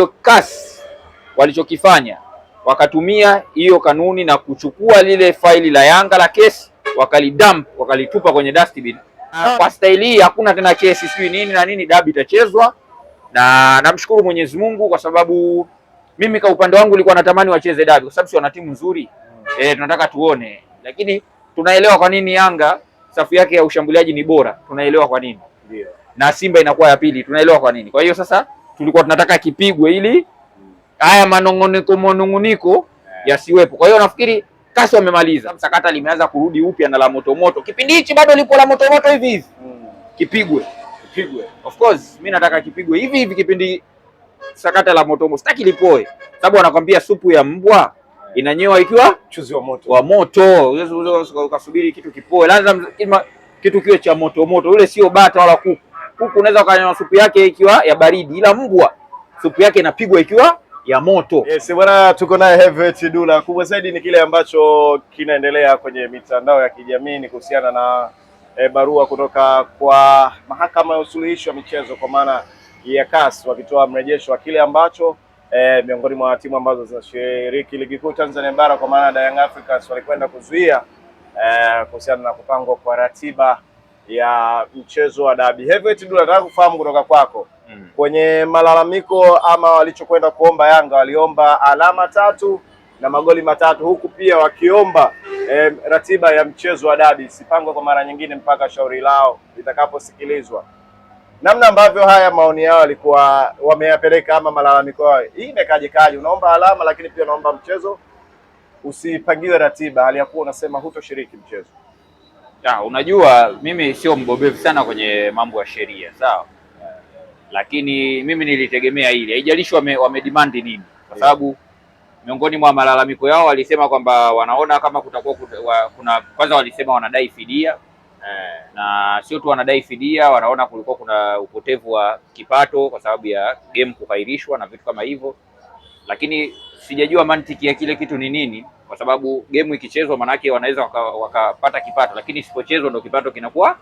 hiyo kasi walichokifanya, wakatumia hiyo kanuni na kuchukua lile faili la Yanga la kesi wakalidump, wakalitupa kwenye dustbin. Ah. kwa staili hii hakuna tena kesi sijui nini na nini, dabi itachezwa na namshukuru Mwenyezi Mungu kwa sababu mimi kwa upande wangu nilikuwa natamani wacheze dabi kwa sababu si wana timu nzuri e, tunataka tuone, lakini tunaelewa kwa nini Yanga safu yake ya ushambuliaji ni bora, tunaelewa kwa nini yeah. Na Simba inakuwa ya pili, tunaelewa kwa nini. Kwa hiyo sasa tulikuwa tunataka kipigwe ili haya manong'oneko manong'oniko eh. yasiwepo. Kwa hiyo nafikiri kasi wamemaliza msakata, limeanza kurudi upya na la motomoto. Kipindi hichi bado lipo la moto hivi hivi, hmm. kipigwe kipigwe. Of course mimi nataka kipigwe hivi hivi kipindi sakata la moto, sitaki lipoe, sababu wanakwambia supu ya mbwa inanyewa ikiwa chuzi wa moto wa moto, ukasubiri kitu kipoe, lazima kitu kiwe cha moto, ule sio bata wala kuku. Kuku unaweza ukanywa supu yake ikiwa ya baridi, ila mbwa supu yake inapigwa ikiwa ya moto. Yes, bwana tuko naye Heavyweight Dulla. Kubwa zaidi ni kile ambacho kinaendelea kwenye mitandao ya kijamii ni kuhusiana na e, barua kutoka kwa mahakama ya usuluhishi wa michezo kwa maana ya CAS wakitoa mrejesho wa kile ambacho e, miongoni mwa timu ambazo zinashiriki ligi kuu Tanzania bara kwa maana ya Young Africans walikwenda kuzuia e, kuhusiana na kupangwa kwa ratiba ya mchezo wa dabi. Heavyweight ndio nataka kufahamu kutoka kwako mm. kwenye malalamiko ama walichokwenda kuomba Yanga, waliomba alama tatu na magoli matatu, huku pia wakiomba eh, ratiba ya mchezo wa dabi sipangwe kwa mara nyingine mpaka shauri lao litakaposikilizwa namna ambavyo haya maoni yao walikuwa wameyapeleka ama malalamiko yao, hii imekaje kaje? Unaomba alama lakini pia unaomba mchezo usipangiwe ratiba, hali ya kuwa unasema hutoshiriki mchezo. Ya, ah, unajua mimi sio mbobevu sana kwenye mambo ya sheria sawa, lakini mimi nilitegemea hili, haijalishi wame, demand nini, kwa sababu miongoni mwa malalamiko yao walisema kwamba wanaona kama kutakuwa kuna kwanza, walisema wanadai fidia eh, na sio tu wanadai fidia, wanaona kulikuwa kuna upotevu wa kipato kwa sababu ya game kuhairishwa na vitu kama hivyo, lakini sijajua mantiki ya kile kitu ni nini kwa sababu game ikichezwa manake wanaweza wakapata waka kipato, lakini isipochezwa ndio kipato kinakuwa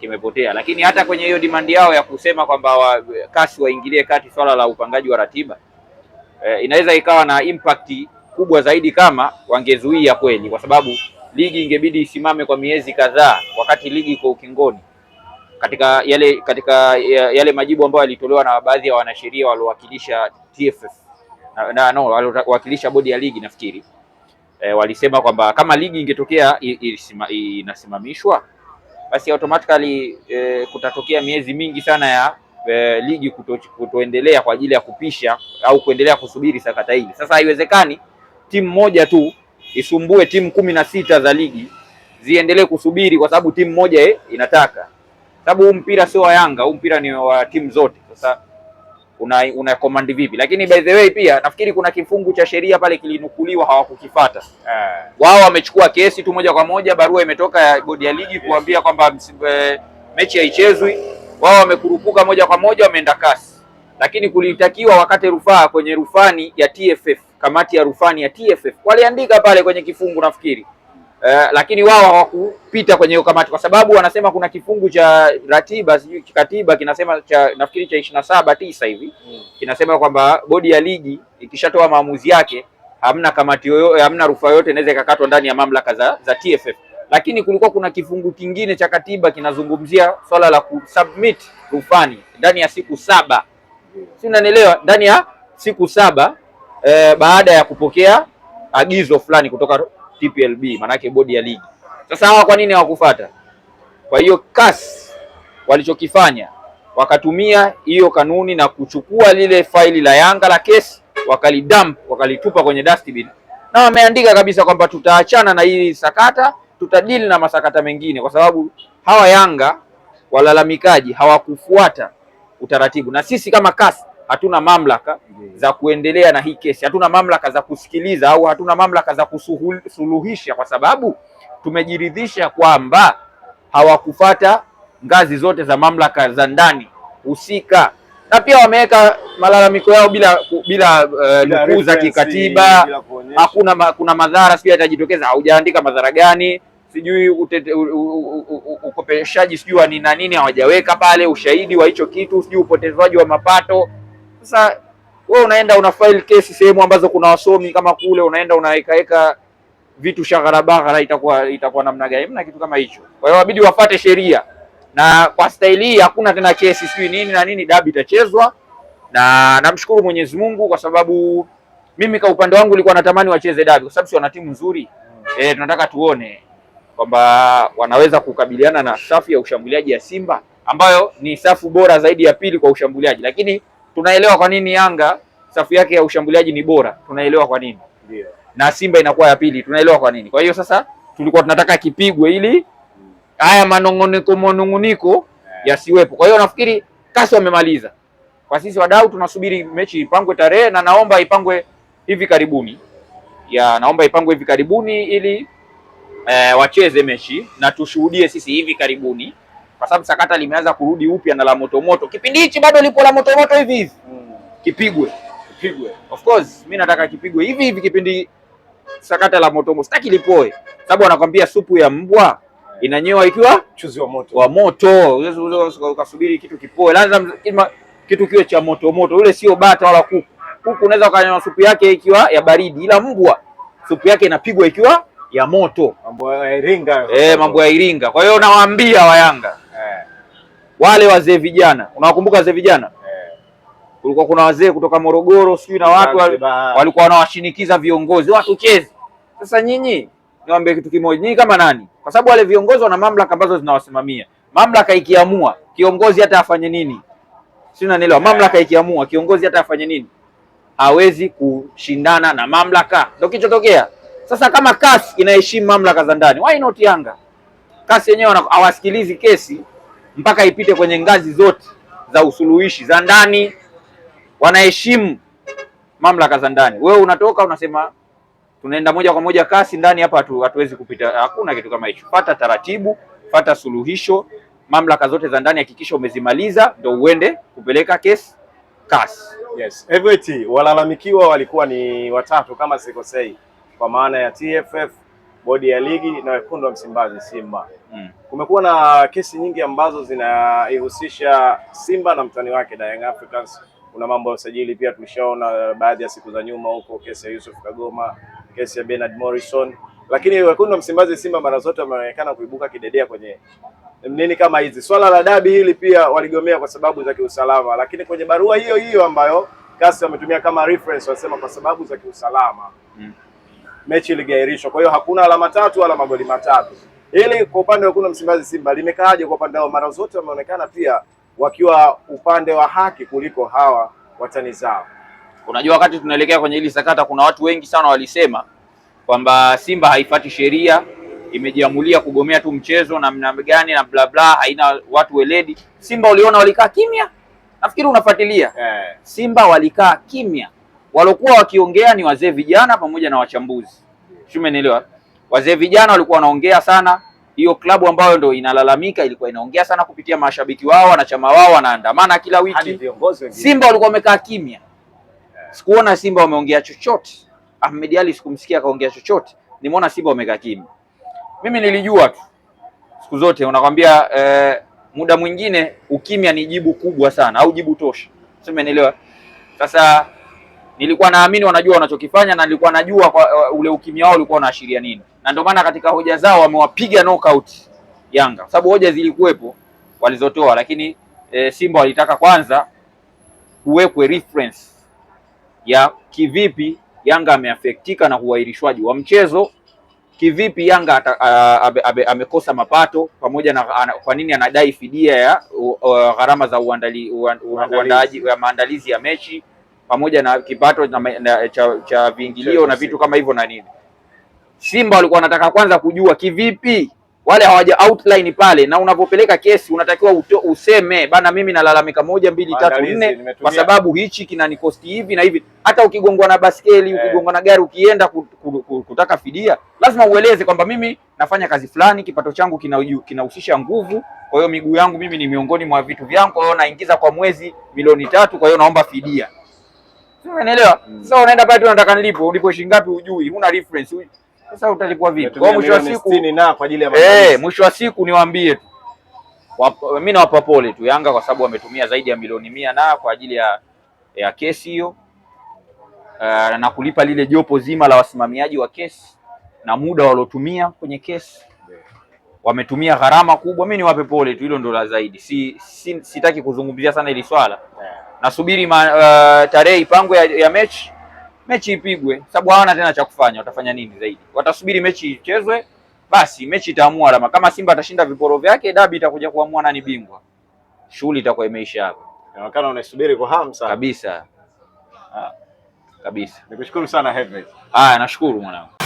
kimepotea. Lakini hata kwenye hiyo demand yao ya kusema kwamba wa, kasi waingilie kati swala la upangaji wa ratiba e, inaweza ikawa na impact kubwa zaidi kama wangezuia kweli, kwa sababu ligi ingebidi isimame kwa miezi kadhaa, wakati ligi iko ukingoni. Katika yale katika yale majibu ambayo yalitolewa na baadhi ya wanasheria waliowakilisha TFF na, na, no waliowakilisha bodi ya ligi nafikiri e, walisema kwamba kama ligi ingetokea inasimamishwa basi automatically e, kutatokea miezi mingi sana ya e, ligi kuto, kutoendelea kwa ajili ya kupisha au kuendelea kusubiri sakata hili. Sasa haiwezekani timu moja tu isumbue timu kumi na sita za ligi ziendelee kusubiri kwa sababu timu moja eh, inataka, sababu huu mpira sio wa Yanga, huu mpira ni wa timu zote. Sasa una, una command vipi. Lakini by the way pia nafikiri kuna kifungu cha sheria pale kilinukuliwa hawakukifata eh. Wao wamechukua kesi tu moja kwa moja, barua imetoka ya bodi ya ligi kuambia kwamba eh, mechi haichezwi. Wao wamekurupuka moja kwa moja wameenda kasi, lakini kulitakiwa wakate rufaa kwenye rufani ya TFF, kamati ya rufani ya TFF waliandika pale kwenye kifungu nafikiri Eh, lakini wao hawakupita kwenye hiyo kamati kwa sababu wanasema kuna kifungu cha ratiba sijui kikatiba kinasema cha nafikiri cha ishirini na saba tisa hivi hmm. kinasema kwamba bodi ya ligi ikishatoa maamuzi yake hamna kamati yoyote, hamna rufaa yoyote inaweza ikakatwa ndani ya mamlaka za, za TFF lakini kulikuwa kuna kifungu kingine cha katiba kinazungumzia swala la kusubmit rufani ndani ya siku saba, si unanielewa? Ndani ya siku saba eh, baada ya kupokea agizo fulani kutoka TPLB, maanake bodi ya ligi. Sasa hawa kwa nini hawakufuata? Kwa hiyo CAS walichokifanya wakatumia hiyo kanuni na kuchukua lile faili la Yanga la kesi, wakalidump wakalitupa kwenye dustbin, na wameandika kabisa kwamba tutaachana na hili sakata, tutadili na masakata mengine, kwa sababu hawa Yanga walalamikaji hawakufuata utaratibu, na sisi kama CAS hatuna mamlaka za kuendelea na hii kesi, hatuna mamlaka za kusikiliza au hatuna mamlaka za kusuluhisha, kwa sababu tumejiridhisha kwamba hawakufata ngazi zote za mamlaka za ndani husika, na pia wameweka malalamiko yao bila eh, bila nukuu uh, za kikatiba. Hakuna kuna madhara sijui yatajitokeza, haujaandika madhara gani, sijui ukopeshaji sijui ni na nini, hawajaweka pale ushahidi wa hicho kitu, sijui upotezwaji wa mapato sasa wewe unaenda una file kesi sehemu ambazo kuna wasomi kama kule, unaenda unawekaweka vitu shagharabaghara itakuwa itakuwa namna gani? Mna kitu kama hicho. Kwa hiyo inabidi wafate sheria, na kwa staili hii hakuna tena kesi sijui nini na nini, dabi itachezwa na namshukuru Mwenyezi Mungu kwa sababu mimi kwa upande wangu nilikuwa natamani wacheze dabi kwa sababu si wana timu nzuri e, tunataka tuone kwamba wanaweza kukabiliana na safu ya ushambuliaji ya Simba ambayo ni safu bora zaidi ya pili kwa ushambuliaji, lakini tunaelewa kwa nini Yanga safu yake ya ushambuliaji ni bora, tunaelewa kwa nini yeah. na Simba inakuwa ya pili, tunaelewa kwa nini. Kwa hiyo sasa tulikuwa tunataka kipigwe ili haya manongoneko manunguniko eh. yasiwepo. Kwa hiyo nafikiri kasi wamemaliza. Kwa sisi wadau tunasubiri mechi ipangwe tarehe, na naomba ipangwe hivi karibuni ya naomba ipangwe hivi karibuni ili e, wacheze mechi na tushuhudie sisi hivi karibuni kwa sababu sakata limeanza kurudi upya na la moto moto. Kipindi hichi bado lipo la moto moto hivi hivi, mm. Kipigwe, kipigwe. Of course mimi nataka kipigwe hivi hivi kipindi sakata la moto moto. sitaki lipoe, sababu wanakwambia supu ya mbwa inanyewa ikiwa chuzi wa moto wa moto, ukasubiri kitu kipoe, lazima kitu kiwe cha moto moto. Yule sio bata wala kuku. Kuku unaweza ukanywa supu yake ikiwa ya baridi, ila mbwa supu yake inapigwa ikiwa ya moto. Mambo ya Iringa, eh, mambo ya Iringa. Kwa hiyo nawaambia Wayanga wale wazee vijana, unawakumbuka wazee vijana eh. Kulikuwa kuna wazee kutoka Morogoro sijui na watu walikuwa wanawashinikiza viongozi watu cheze. Sasa nyinyi niwaambie kitu kimoja, nyinyi kama nani? Kwa sababu wale viongozi wana mamlaka ambazo zinawasimamia. Mamlaka ikiamua kiongozi hata afanye nini, si unanielewa? Eh. Mamlaka ikiamua kiongozi hata afanye nini, hawezi kushindana na mamlaka, ndio kilichotokea. Sasa kama kasi inaheshimu mamlaka za ndani, why not Yanga? Kasi yenyewe hawasikilizi kesi mpaka ipite kwenye ngazi zote za usuluhishi za ndani. Wanaheshimu mamlaka za ndani. Wewe unatoka unasema tunaenda moja kwa moja kasi ndani hapa, hatuwezi kupita. Hakuna kitu kama hicho. Fata taratibu, fata suluhisho. Mamlaka zote za ndani hakikisha umezimaliza, ndio uende kupeleka kesi kasi. Yes. Everett, walalamikiwa walikuwa ni watatu kama sikosei, kwa maana ya TFF bodi ya ligi na wekundu wa Msimbazi Simba. Mm. Kumekuwa na kesi nyingi ambazo zinaihusisha Simba na mtani wake Young Africans. Kuna mambo ya usajili pia tulishaona eh, baadhi ya siku za nyuma huko, kesi ya Yusuf Kagoma, kesi ya Bernard Morrison, lakini wekundu wa Msimbazi Simba mara zote wameonekana kuibuka kidedea kwenye nini kama hizi. Swala la dabi hili pia waligomea kwa sababu za kiusalama, lakini kwenye barua hiyo hiyo ambayo kasi wametumia kama reference, wasema kwa sababu za kiusalama mm mechi iligairishwa. Kwa hiyo hakuna alama tatu wala magoli matatu. Ili kwa upande wa kuna Msimbazi, Simba limekaaje kwa upande wao? Mara zote wameonekana pia wakiwa upande wa haki kuliko hawa watani zao. Unajua, wakati tunaelekea kwenye hili sakata, kuna watu wengi sana walisema kwamba Simba haifati sheria, imejiamulia kugomea tu mchezo na mna gani na bla bla, haina watu weledi. Simba uliona walikaa kimya, nafikiri unafuatilia. Yeah. Simba walikaa kimya walokuwa wakiongea ni wazee vijana pamoja na wachambuzi, umenielewa? Wazee vijana walikuwa wanaongea sana. Hiyo klabu ambayo ndo inalalamika ilikuwa inaongea sana kupitia mashabiki wao, wanachama wao wanaandamana kila wiki. Simba walikuwa wamekaa kimya, sikuona Simba wameongea chochote. Ahmed Ally sikumsikia akaongea chochote, nimeona Simba wamekaa kimya. Mimi nilijua tu siku zote unakwambia eh, muda mwingine ukimya ni jibu kubwa sana au jibu tosha, umenielewa? Sasa Nilikuwa naamini wanajua wanachokifanya na nilikuwa najua kwa, uh, ule ukimya wao ulikuwa unaashiria nini, na ndio maana katika hoja zao wamewapiga knockout Yanga, sababu hoja zilikuwepo walizotoa, lakini e, Simba walitaka kwanza kuwekwe reference ya kivipi Yanga ameafektika na uahirishwaji wa mchezo, kivipi Yanga amekosa mapato, pamoja na kwa nini anadai fidia ya uh, gharama za uandaaji maandalizi ya mechi pamoja na kipato na, na, cha, cha viingilio na vitu kama hivyo na nini. Simba walikuwa wanataka kwanza kujua kivipi wale hawaja outline pale, na unapopeleka kesi unatakiwa uto, useme bana, mimi nalalamika moja mbili tatu nne, kwa sababu hichi kinanikosti hivi na hivi. Hata ukigongwa na baskeli eh, ukigongwa na gari, ukienda kutaka fidia, lazima ueleze kwamba mimi nafanya kazi fulani, kipato changu kinahusisha kina nguvu, kwa hiyo miguu yangu mimi ni miongoni mwa vitu vyangu, kwa hiyo naingiza kwa mwezi milioni tatu, kwa hiyo naomba fidia. Unaelewa? Mm. Sasa unaenda pale tu unataka nilipo, ulipo shilingi ngapi ujui, huna reference. Sasa utalipwa vipi? Kwa mwisho wa siku na kwa ajili ya eh, mwisho wa siku niwaambie tu. Mimi nawapa pole tu Yanga kwa sababu wametumia zaidi ya milioni mia na kwa ajili ya ya kesi hiyo. Uh, na kulipa lile jopo zima la wasimamiaji wa kesi na muda waliotumia kwenye kesi wametumia gharama kubwa. Mimi niwape pole tu, hilo ndo la zaidi. Si, si sitaki kuzungumzia sana hili swala yeah nasubiri uh, tarehe ipangwe ya, ya mechi mechi ipigwe, sababu hawana tena cha kufanya. Watafanya nini zaidi? Watasubiri mechi ichezwe, basi mechi itaamua alama. Kama Simba atashinda viporo vyake, dabi itakuja kuamua nani bingwa, shughuli itakuwa imeisha hapo. Inaonekana unaisubiri kwa hamu sana kabisa. Ha, ah, kabisa. Nikushukuru sana Heavyweight. Haya, nashukuru mwanangu.